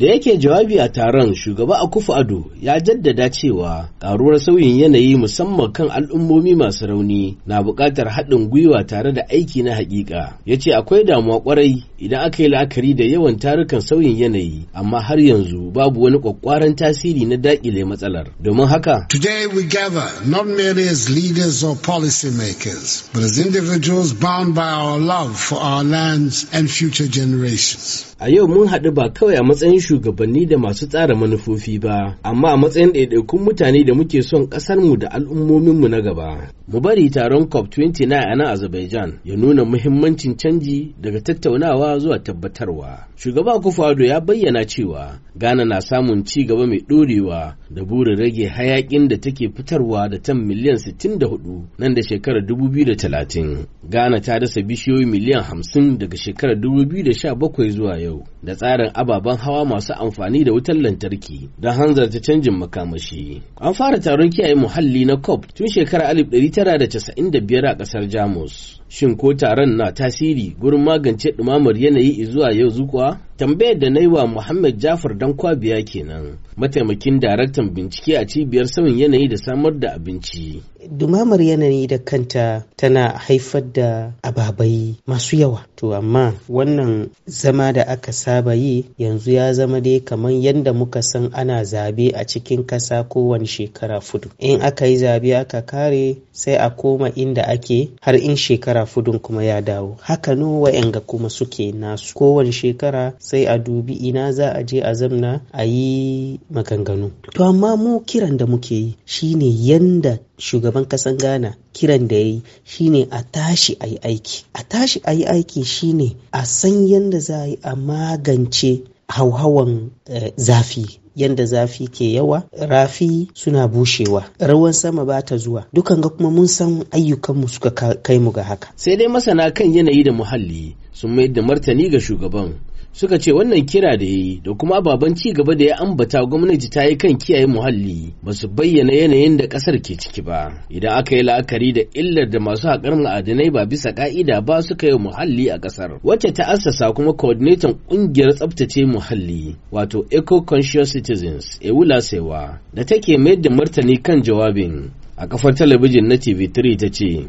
da yake jawabi a taron shugaba a akufu ado ya jaddada cewa karuwar sauyin yanayi musamman kan al'ummomi masu rauni na buƙatar haɗin gwiwa tare da aiki na hakika, ya ce akwai damuwa kwarai. idan aka yi la'akari da yawan tarukan sauyin yanayi amma har yanzu babu wani kwakwaran tasiri na dakile matsalar domin haka today we gather not merely as leaders or policy makers but as individuals bound by our love for our lands and future generations a yau mun haɗu ba kawai a matsayin shugabanni da masu tsara manufofi ba amma a matsayin ɗaiɗaikun mutane da muke son ƙasarmu da al'ummominmu na gaba mu bari taron cop 29 a nan azerbaijan ya nuna muhimmancin canji daga tattaunawa zuwa tabbatarwa. Shugaba kufado ya bayyana cewa Ghana na samun ci gaba mai ɗorewa da burin rage hayakin da take fitarwa da tan miliyan 64 nan da shekarar 2030. Ghana ta dasa bishiyoyi miliyan 50 daga shekarar 2017 zuwa yau. da tsarin ababen hawa masu amfani da wutar lantarki don hanzarta canjin makamashi. An fara taron kiyaye muhalli na COP tun shekarar 1995 a ƙasar Jamus. Shin ko taron na tasiri gurin magance ɗumamar yanayi zuwa yau zukuwa? tambayar da na yi wa Muhammad Jafar dan kwabiya kenan mataimakin daraktan bincike a cibiyar sauyin yanayi da samar da abinci. Dumamar yanayi da kanta tana haifar da ababai masu yawa. To amma wannan zama da aka saba yi yanzu ya zama dai kamar yadda muka san ana zabe a cikin kasa kowane shekara fudu. In aka yi zabe aka kare sai a koma inda ake har in shekara fudun kuma ya dawo. Haka no wa'yanga kuma suke nasu kowane shekara sai a dubi ina za a je a zamna a yi maganganu to amma mu kiran da muke yi shine yanda shugaban kasan ghana kiran da ya yi shine a tashi a yi aiki a tashi a yi aiki shine a san yanda za a yi a magance hauhawan eh, zafi yanda zafi ke yawa rafi suna bushewa rawan sama ba ta zuwa dukan ga kuma mun san ayyukanmu suka kai mu ga haka sai dai masana kan yanayi da muhalli sun mayar da martani ga shugaban suka ce wannan kira da yi da kuma ababen ci gaba da ya ambata gwamnati ta yi kan kiyaye muhalli ba su bayyana yanayin da kasar ke ciki ba idan aka yi la'akari da illar da masu haƙar ma'adinai ba bisa ka'ida ba suka yi muhalli a kasar wacce ta assasa kuma coordinator ƙungiyar tsabtace muhalli wato eco conscious citizens ewula sewa da take mayar da martani kan jawabin a kafar talabijin na TV3 ta ce,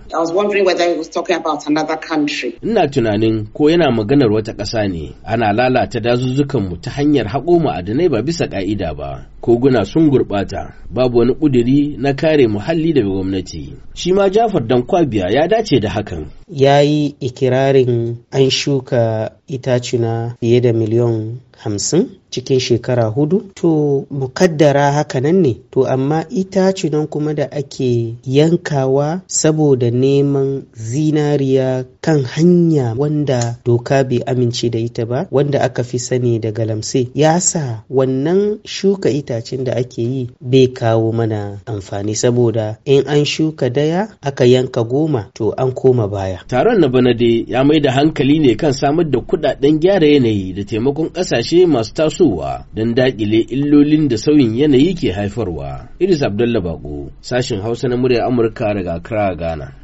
Ina tunanin ko yana maganar wata ƙasa ne, ana lalata dazuzzukanmu ta hanyar haƙo ma'adanai ba bisa ƙa'ida ba, koguna sun gurɓata, babu wani ƙuduri na kare muhalli da gwamnati. Shi ma Jafar Dankwabiya ya dace da hakan. Ya yi ikirarin an shuka itacuna fiye da miliyan hamsin cikin shekara hudu to mukaddara haka nan ne to amma itacunan kuma da ake yankawa saboda neman zinariya kan hanya wanda doka bai amince da ita ba wanda aka fi sani da galamse ya sa wannan shuka itacen da ake yi bai kawo mana amfani saboda in an shuka daya aka yanka goma to an koma baya taron na bana dai ya mai da hankali ne kan samar da kuɗi kudaden gyara yanayi da taimakon ƙasashe masu tasowa don daƙile illolin da sauyin yanayi ke haifarwa. Idris Abdullah Bako, sashin Hausa na murya Amurka daga Accra, Ghana.